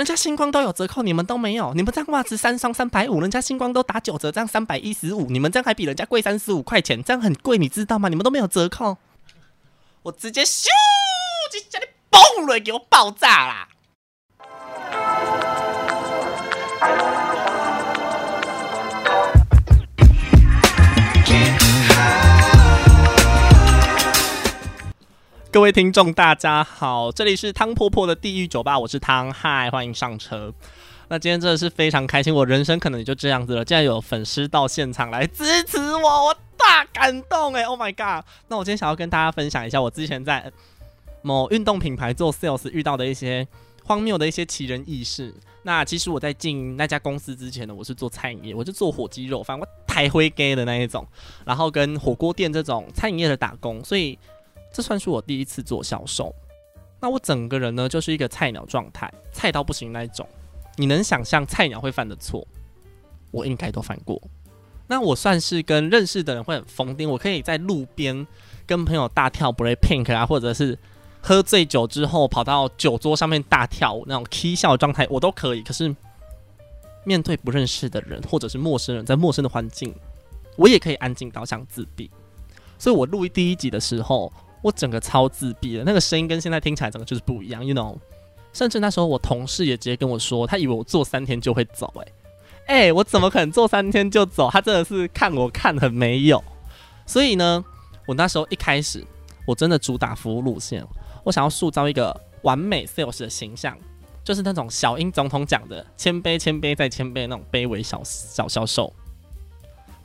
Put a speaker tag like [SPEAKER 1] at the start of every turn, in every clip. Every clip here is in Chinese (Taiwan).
[SPEAKER 1] 人家星光都有折扣，你們都沒有。你們這樣襪子三雙三百五，人家星光都打九折，這樣三百一十五。你們這樣還比人家貴三十五塊錢，這樣很貴，你知道嗎？你們都沒有折扣，我直接咻，就地嘣了，給我爆炸啦！各位聽眾，大家好，這裡是湯婆婆的地獄酒吧，我是湯嗨，歡迎上車。那今天真的是非常開心，我人生可能也就這樣子了。竟然有粉絲到現場來支持我，我大感動誒。Oh my God！那我今天想要跟大家分享一下，我之前在、呃、某運動品牌做 sales 遇到的一些荒謬的一些奇人異事。那其實我在進那家公司之前呢，我是做餐飲業，我就做火雞肉飯，反正我太會 gay 的那一種，然後跟火鍋店這種餐飲業的打工，所以。這算是我第一次做銷售，那我整個人呢，就是一個菜鳥狀態，菜到不行那一種。你能想象菜鳥會犯的錯，我應該都犯過。那我算是跟認識的人會很瘋癲，我可以在路邊跟朋友大跳《BLACKPINK》啊，或者是喝醉酒之後跑到酒桌上面大跳，那種起笑的狀態，我都可以。可是面對不認識的人或者是陌生人，在陌生的環境，我也可以安靜到想自閉。所以我錄第一集的時候。我整個超自閉了，那個聲音跟現在聽起來整個就是不一樣，You know？甚至那時候我同事也直接跟我說，他以為我做三天就會走、欸，誒、欸、誒，我怎麼可能做三天就走？他真的是看我看很沒有。所以呢，我那時候一開始，我真的主打服務路線，我想要塑造一個完美 sales 的形象，就是那種小英總統講的謙卑,卑、謙卑再謙卑那種卑微小小銷售。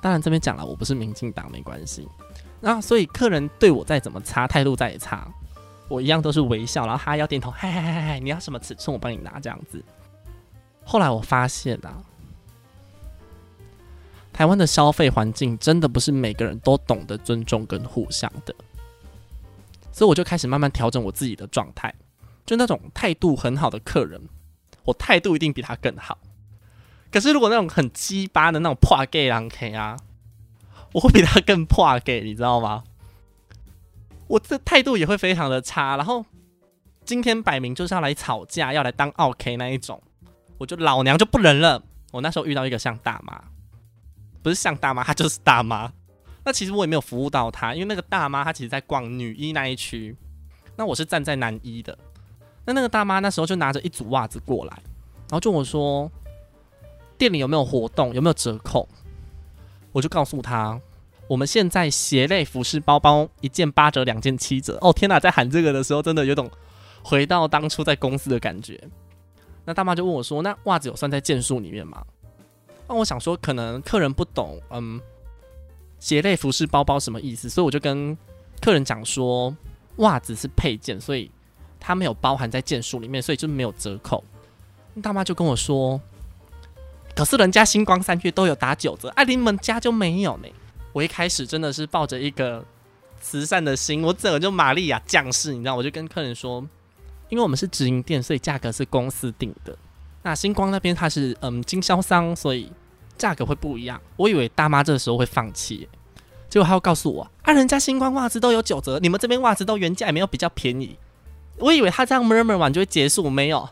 [SPEAKER 1] 當然這邊講了，我不是民進黨，沒關係。那、啊、所以客人對我再怎麼差，態度再差，我一樣都是微笑。然後他要點頭，嗨嗨嗨嗨嗨，你要什麼尺寸，我幫你拿這樣子。後來我發現啊，台灣的消費環境真的不是每個人都懂得尊重跟互相的，所以我就開始慢慢調整我自己的狀態。就那種態度很好的客人，我態度一定比他更好。可是如果那種很雞巴的那種破格郎 K 啊。我會比他更怕，給你知道嗎？我這態度也會非常的差。然後今天擺明就是要來吵架，要來當奧客那一種，我就老娘就不能了。我那時候遇到一個像大媽，不是像大媽，她就是大媽。那其實我也沒有服務到她，因為那個大媽她其實在逛女衣那一區，那我是站在男衣的。那那個大媽那時候就拿着一組襪子過來，然後就我說，店裡有沒有活動，有沒有折扣？我就告訴他，我們現在鞋類、服飾、包包一件八折，兩件七折。哦天哪，在喊這個的時候，真的有種回到當初在公司的感覺。那大媽就問我說：“那襪子有算在件數裡面嗎？”那、哦、我想說，可能客人不懂，嗯，鞋類、服飾、包包什麼意思，所以我就跟客人講說，襪子是配件，所以它沒有包含在件數裡面，所以就沒有折扣。那大媽就跟我說。可是人家星光三區都有打九折，哎、啊，你們家就沒有呢、欸。我一開始真的是抱着一個慈善的心，我整個就瑪利亞降世，你知道，我就跟客人說，因為我們是直營店，所以價格是公司定的。那星光那邊他是嗯經銷商，所以價格會不一樣。我以為大媽這時候會放棄、欸，結果她又告訴我，啊，人家星光襪子都有九折，你們這邊襪子都原價，也沒有比較便宜。我以為他這樣 murmur 完就會結束，沒有。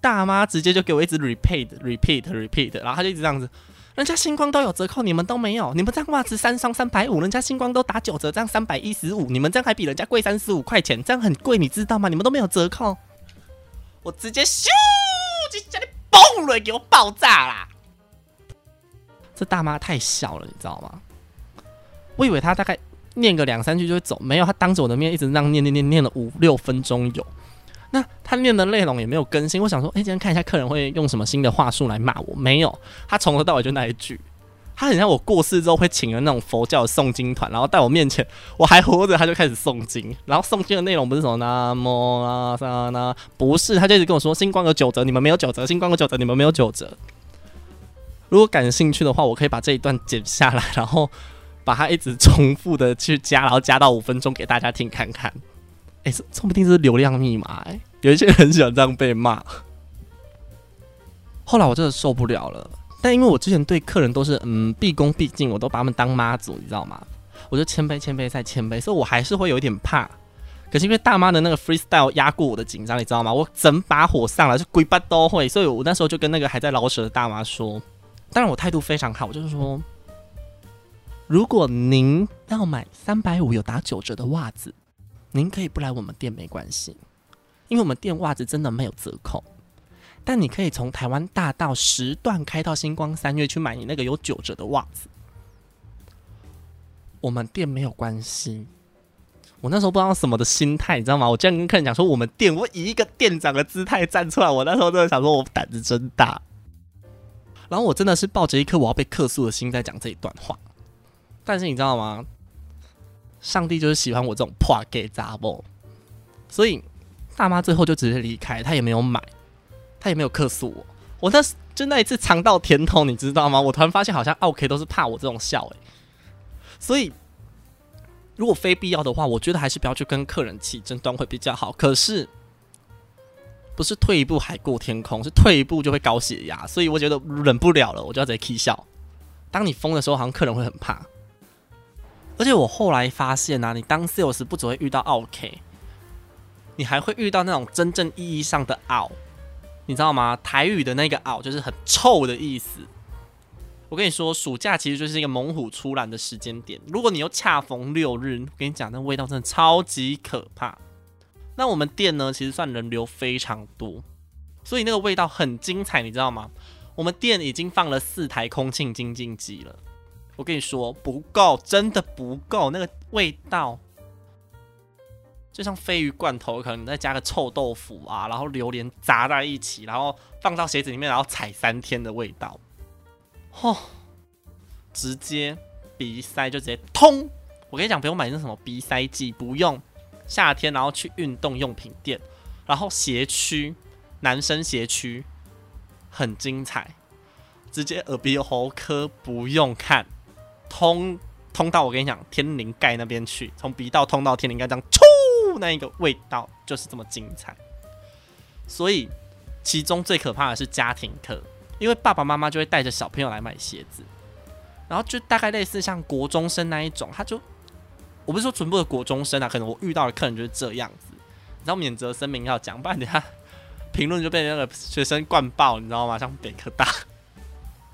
[SPEAKER 1] 大媽直接就給我一直 repeat repeat repeat，然後她就一直這樣子。人家星光都有折扣，你們都沒有。你們這樣襪子三雙三百五，人家星光都打九折，這樣三百一十五。你們這樣還比人家貴三十五塊錢，這樣很貴，你知道嗎？你們都沒有折扣。我直接咻，直接崩了，給我爆炸啦！這大媽太小了，你知道嗎？我以為她大概念個兩三句就會走，沒有，她當着我的面一直這樣念念念念了五六分鐘有。那他念的內容也沒有更新，我想說，哎、欸，今天看一下客人會用什麼新的話術來罵我？沒有，他從頭到尾就那一句。他很像我過世之後會請了那種佛教誦經團，然後在我面前，我還活着，他就開始誦經。然後誦經的內容不是什麼吶麼啊……啥不是，他就一直跟我說星光有九折，你們沒有九折；星光有九折，你們沒有九折。如果感興趣的話，我可以把這一段剪下來，然後把它一直重複的去加，然後加到五分鐘給大家聽看看。哎、欸，說不定是流量密碼、欸。有一些人很喜歡這樣被罵。後來我真的受不了了，但因為我之前對客人都是嗯畢恭畢敬，我都把他們當媽祖，你知道嗎？我就謙卑，謙卑、謙卑再謙卑，所以我還是會有一點怕。可是因為大媽的那個 freestyle 壓過我的緊張，你知道嗎？我整把火上來，就鬼把都會。所以我那時候就跟那個還在老舍的大媽說，當然我態度非常好，我就是說，如果您要買三百五有打九折的襪子。您可以不來我們店沒關係，因為我們店襪子真的沒有折扣。但你可以從台灣大道十段開到新光三越去買你那個有九折的襪子，我們店沒有關係。我那時候不知道什麼的心態，你知道嗎？我這樣跟客人講說，我們店，我以一個店長的姿態站出來，我那時候真的想說我膽子真大。然後我真的是抱着一顆我要被客訴的心在講這一段話。但是你知道嗎？上帝就是喜歡我這種破格查某，所以大媽最後就直接離開，她也沒有買，她也沒有客訴我。我那就那一次嘗到甜頭，你知道嗎？我突然發現好像奧客都是怕我這種笑誒，所以，如果非必要的話，我覺得還是不要去跟客人起爭端會比較好。可是，不是退一步海闊天空，是退一步就會高血壓。所以我覺得忍不了了，我就要起笑。當你瘋的時候，好像客人會很怕。而且我後來發現吶、啊，你當 sales 時不只會遇到奧客，你還會遇到那種真正意義上的“奧”，你知道嗎？台語的那個“奧”就是很臭的意思。我跟你說，暑假其實就是一個猛虎出欄的時間點。如果你又恰逢六日，我跟你講，那味道真的超級可怕。那我們店呢，其實算人流非常多，所以那個味道很精彩，你知道嗎？我們店已經放了四台空氣清淨機了。我跟你說不夠，真的不夠。那個味道就像鯡魚罐頭，可能你再加個臭豆腐啊，然後榴蓮砸在一起，然後放到鞋子裡面，然後踩三天的味道，吼！直接鼻塞就直接通。我跟你講，不用買那什麼鼻塞劑，不用夏天然後去運動用品店，然後鞋區男生鞋區很精彩，直接耳鼻喉科不用看。通通到我跟你講，天靈蓋那邊去，從鼻道通到天靈蓋，這樣出那一個味道就是這麼精彩。所以其中最可怕的是家庭客，因為爸爸媽媽就會帶着小朋友來買鞋子，然後就大概類似像國中生那一種，他就，我不是說全部的國中生啊，可能我遇到的客人就是這樣子。然後免責聲明要講，不然等下評論就被那個學生灌爆，你知道嗎？像北科大。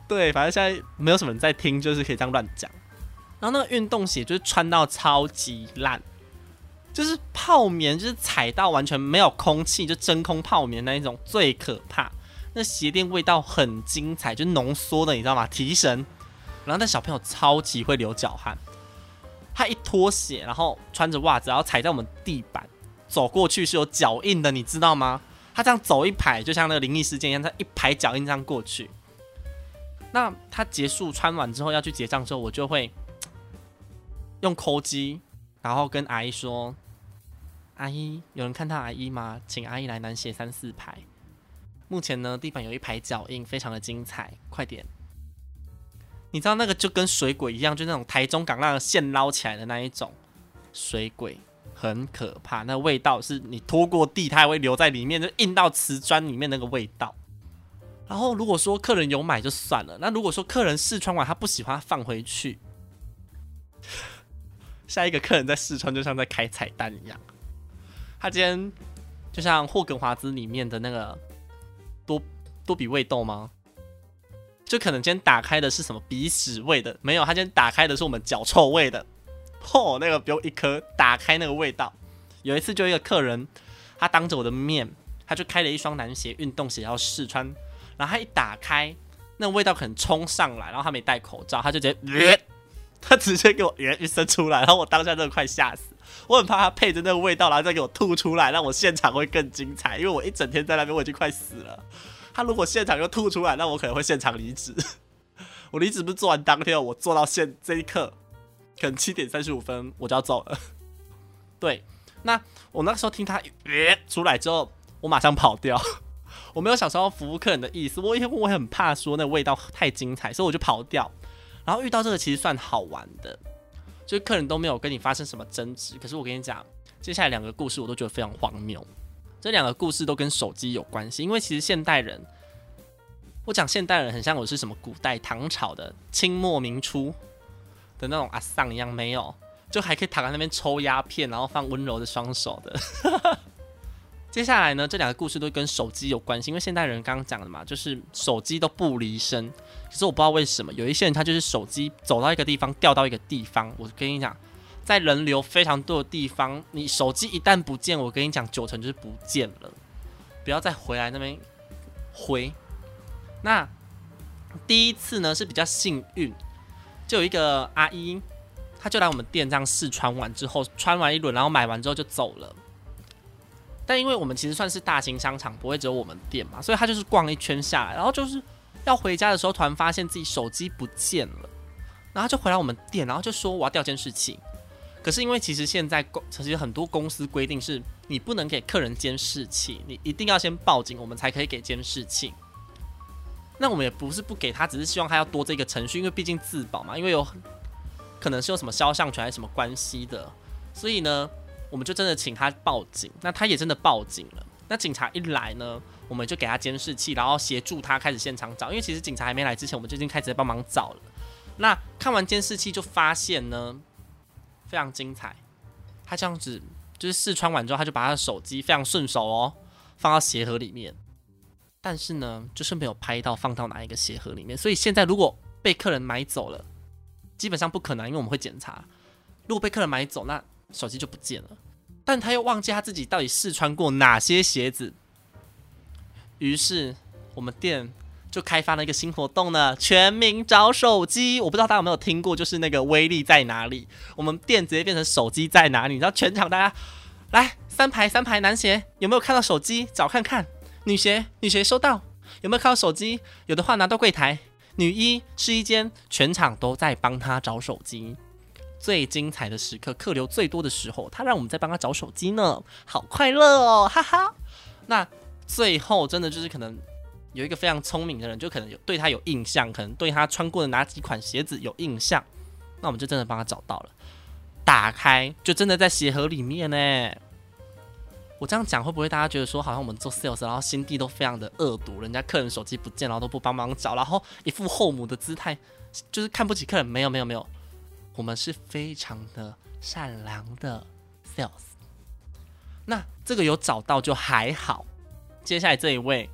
[SPEAKER 1] 對，反正現在沒有什麼人在聽，就是可以這樣亂講。然後那個運動鞋就是穿到超級爛，就是泡棉，就是踩到完全沒有空氣，就真空泡棉那一種最可怕。那鞋墊味道很精彩，就是濃縮的，你知道嗎？提神。然後那小朋友超級會流腳汗，他一脫鞋，然後穿着襪子，然後踩在我們地板走過去是有腳印的，你知道嗎？他這樣走一排，就像那個靈異事件一樣，他一排腳印這樣過去。那他結束穿完之後要去結賬之後，我就會用摳機，然後跟阿姨說：“阿姨，有人看到阿姨嗎？請阿姨來男鞋三四排。目前呢，地板有一排腳印，非常的精彩。快點，你知道那個就跟水鬼一樣，就那種台中港那個現撈起來的那一種水鬼，很可怕。那味道是你拖過地，它還會留在裡面，就印到瓷磚裡面那個味道。”然後，如果說客人有買就算了。那如果說客人試穿完他不喜歡放回去，下一個客人在試穿，就像在開彩蛋一樣。他今天就像霍格華茲裡面的那個多多比味豆嗎？就可能今天打開的是什麼鼻屎味的？沒有，他今天打開的是我們腳臭味的。哦，那個丟一顆，打開那個味道。有一次，就一個客人，他當着我的面，他就開了一雙男鞋，運動鞋要試穿。然後他一打開，那個、味道可能衝上來，然後他沒戴口罩，他就直接，嘔、他直接給我、嘔，一聲出來，然後我當下真的快嚇死。我很怕他配着那個味道，然後再給我吐出來，那我現場會更精彩。因為我一整天在那邊，我已經快死了。他如果現場又吐出來，那我可能會現場離職。我離職不是做完當天，我做到現這一刻，可能七點三十五分我就要走了。對，那我那個時候聽他、嘔、出來之後，我馬上跑掉。我沒有想說服務客人的意思，我也我很怕說那味道太精彩，所以我就跑掉。然後遇到這個其實算好玩的，就是客人都沒有跟你發生什麼爭執。可是我跟你講，接下來兩個故事我都覺得非常荒謬。這兩個故事都跟手機有關係，因為其實現代人，我講現代人很像我是什麼古代唐朝的、清末明初的那種阿桑一樣，沒有，就還可以躺在那邊抽鴉片，然後放溫柔的雙手的。 接下來呢，這兩個故事都跟手機有關係，因為現代人剛剛講的嘛，就是手機都不離身。可是我不知道為什麼，有一些人他就是手機走到一個地方掉到一個地方。我跟你講，在人流非常多的地方，你手機一旦不見，我跟你講九成就是不見了，不要再回來那邊回。那第一次呢是比較幸運，就有一個阿姨，她就來我們店這樣試穿完之後，穿完一輪，然後買完之後就走了。但因為我們其實算是大型商場，不會只有我們店嘛，所以他就是逛一圈下來，然後就是要回家的時候，突然發現自己手機不見了，然後就回來我們店，然後就說我要調監視器。可是因為其實現在公，其實很多公司規定是，你不能給客人監視器，你一定要先報警，我們才可以給監視器。那我們也不是不給他，只是希望他要多這個程序，因為畢竟自保嘛，因為有可能是有什麼肖像權還是什麼關係的，所以呢。我們就真的請他報警，那他也真的報警了。那警察一來呢，我們就給他監視器，然後協助他開始現場找。因為其實警察還沒來之前，我們就已經開始在幫忙找了。那看完監視器就發現呢，非常精彩。他這樣子就是試穿完之後，他就把他的手機非常順手哦，放到鞋盒裡面。但是呢，就是沒有拍到放到哪一個鞋盒裡面，所以現在如果被客人買走了，基本上不可能，因為我們會檢查。如果被客人買走，那。手機就不見了，但他又忘記他自己到底試穿過哪些鞋子。於是我們店就開發了一個新活動呢——全民找手機。我不知道大家有沒有聽過，就是那個威力在哪裡？我們店直接變成手機在哪裡？你知道全場大家來三排三排男鞋，有沒有看到手機？找看看，女鞋女鞋收到，有沒有看到手機？有的話拿到櫃台，女一試衣間，全場都在幫他找手機。最精彩的時刻，客流最多的時候，他讓我們在幫他找手機呢，好快樂哦，哈哈。那最後真的就是可能有一個非常聰明的人，就可能有對他有印象，可能對他穿過的哪幾款鞋子有印象，那我們就真的幫他找到了。打開，就真的在鞋盒裡面呢。我這樣講會不會大家覺得說，好像我們做 sales，然後心地都非常的惡毒，人家客人手機不見，然後都不幫忙找，然後一副後母的姿態，就是看不起客人。沒有，沒有，沒有。我們是非常的善良的 sales，那這個有找到就還好。接下來這一位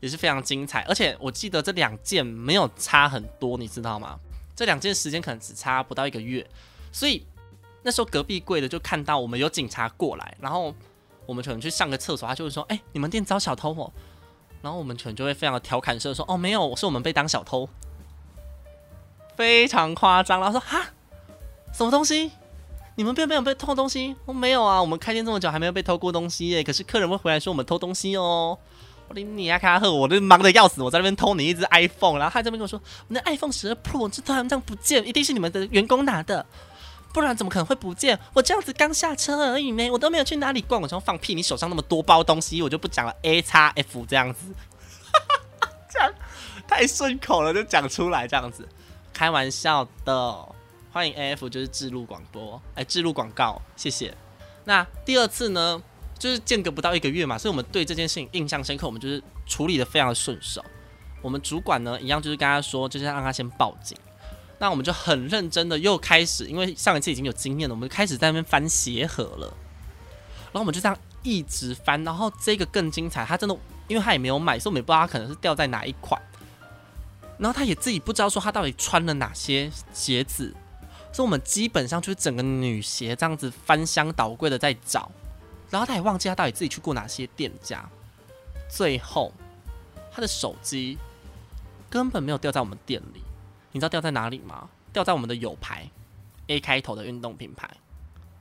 [SPEAKER 1] 也是非常精彩，而且我記得這兩件沒有差很多，你知道嗎？這兩件時間可能只差不到一個月，所以那時候隔壁櫃的就看到我們有警察過來，然後我們可能去上個廁所，他就會說：“哎，你們店遭小偷哦。”然後我們可能就會非常的調侃式說：“哦，沒有，是我們被當小偷。”非常誇張，然後說哈，什麼東西？你們並沒有被偷東西，我沒有啊，我們開店這麼久還沒有被偷過東西耶。可是客人會回來說我們偷東西哦、喔。我的你亞卡赫，我都忙得要死，我在那邊偷你一隻 iPhone，然後他這邊跟我說，我的 iPhone 十二 Pro 這突然這樣不見，一定是你們的員工拿的，不然怎麼可能會不見？我這樣子剛下車而已沒，我都沒有去哪裡逛，我從放屁。你手上那麼多包東西，我就不講了。A 叉 F 這樣子，哈哈，這樣太順口了，就講出來這樣子。開玩笑的，歡迎 AF，就是置入廣播，哎，置入廣告，謝謝。那第二次呢，就是間隔不到一個月嘛，所以我們對這件事情印象深刻，我們就是處理的非常的順手。我們主管呢，一樣就是跟他說，就是讓他先報警。那我們就很認真的又開始，因為上一次已經有經驗了，我們就開始在那邊翻鞋盒了。然後我們就這樣一直翻，然後這個更精彩，他真的，因為他也沒有買，所以我們也不知道他可能是掉在哪一款。然後他也自己不知道說他到底穿了哪些鞋子，所以我們基本上就是整個女鞋這樣子翻箱倒櫃的在找，然後他也忘記他到底自己去過哪些店家，最後他的手機根本沒有掉在我們店裡，你知道掉在哪裡嗎？掉在我們的友牌 A 開頭的運動品牌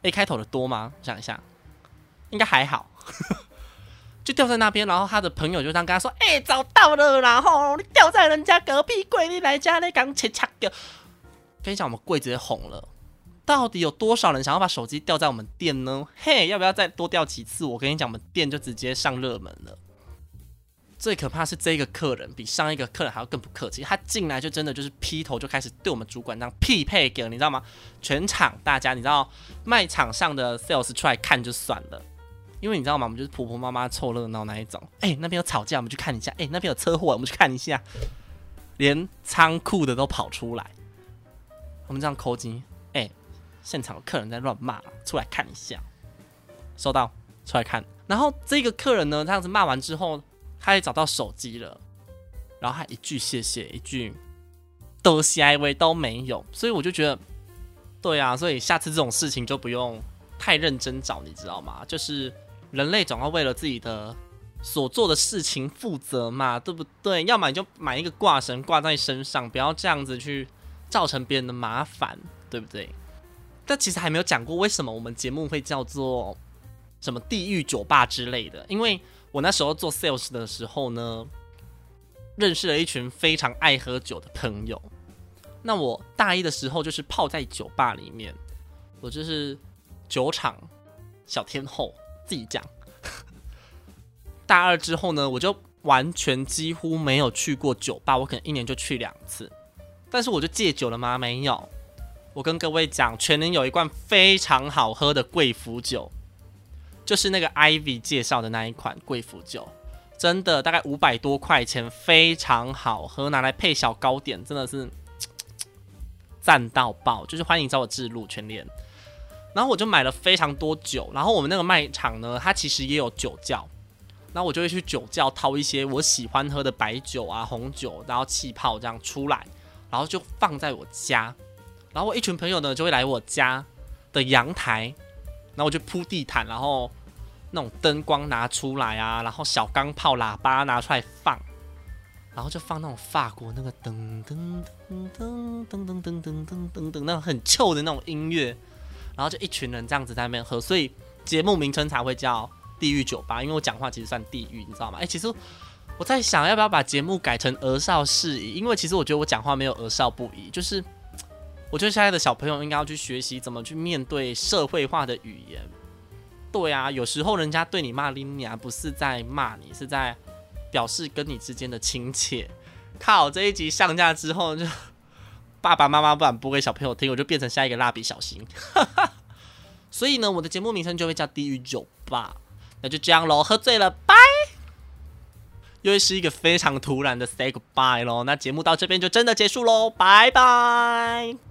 [SPEAKER 1] ，A 開頭的多嗎？想一下，應該還好。 就掉在那邊，然後他的朋友就這樣跟他說：“哎、欸，找到了！”然後你掉在人家隔壁櫃裡，來家裡鋼琴搶購。跟你講，我們櫃子也紅了。到底有多少人想要把手機掉在我們店呢？嘿，要不要再多掉幾次？我跟你講，我們店就直接上熱門了。最可怕是這個客人比上一個客人還要更不客氣，他進來就真的就是劈頭就開始對我們主管這樣匹配梗，你知道嗎？全場大家，你知道賣場上的 sales 出來看就算了。因為你知道嗎？我們就是婆婆媽媽湊熱鬧那一種。哎，那邊有吵架，我們去看一下。哎，那邊有車禍，我們去看一下。連倉庫的都跑出來，我們這樣摳機。哎，現場有客人在亂罵，出來看一下。收到，出來看。然後這個客人呢，這樣子罵完之後，他也找到手機了。然後他一句謝謝，一句都 C I V 都沒有。所以我就覺得，對啊，所以下次這種事情就不用太認真找，你知道嗎？就是。人類總要為了自己的所做的事情負責嘛，對不對？要麼你就買一個掛繩掛在身上，不要這樣子去造成別人的麻煩，對不對？但其實還沒有講過為什麼我們節目會叫做什麼“地獄酒吧”之類的。因為我那時候做 sales 的時候呢，認識了一群非常愛喝酒的朋友。那我大一的時候就是泡在酒吧裡面，我就是酒場小天後。細講， 大二之後呢，我就完全幾乎沒有去過酒吧，我可能一年就去兩次。但是我就戒酒了嗎？沒有。我跟各位講，全聯有一罐非常好喝的貴腐酒，就是那個 Ivy 介紹的那一款貴腐酒，真的大概五百多塊錢，非常好喝，拿來配小糕點真的是讚到爆。就是歡迎找我記錄全聯。然後我就買了非常多酒，然後我們那個賣場呢，它其實也有酒窖，然後我就會去酒窖掏一些我喜歡喝的白酒啊、紅酒，然後氣泡這樣出來，然後就放在我家，然後我一群朋友呢就會來我家的陽台，然後我就鋪地毯，然後那種燈光拿出來啊，然後小鋼炮喇叭拿出來放，然後就放那種法國那個噔噔噔噔噔噔噔噔噔噔那種很臭的那種音樂。然後就一群人這樣子在那邊喝，所以節目名稱才會叫《地獄酒吧》，因為我講話其實算地獄，你知道嗎？哎，其實我在想要不要把節目改成“兒少適宜”，因為其實我覺得我講話沒有“兒少不宜”，就是我覺得現在的小朋友應該要去學習怎麼去面對社會化的語言。對啊，有時候人家對你罵拎你啊，不是在罵你，是在表示跟你之間的親切。靠，這一集上架之後就。爸爸媽媽不敢播給小朋友聽，我就變成下一個蠟筆小新。 所以呢，我的節目名稱就會叫地獄酒吧。那就這樣咯。喝醉了，拜。又是一個非常突然的 say goodbye 咯。那節目到這邊就真的結束嘍，拜拜。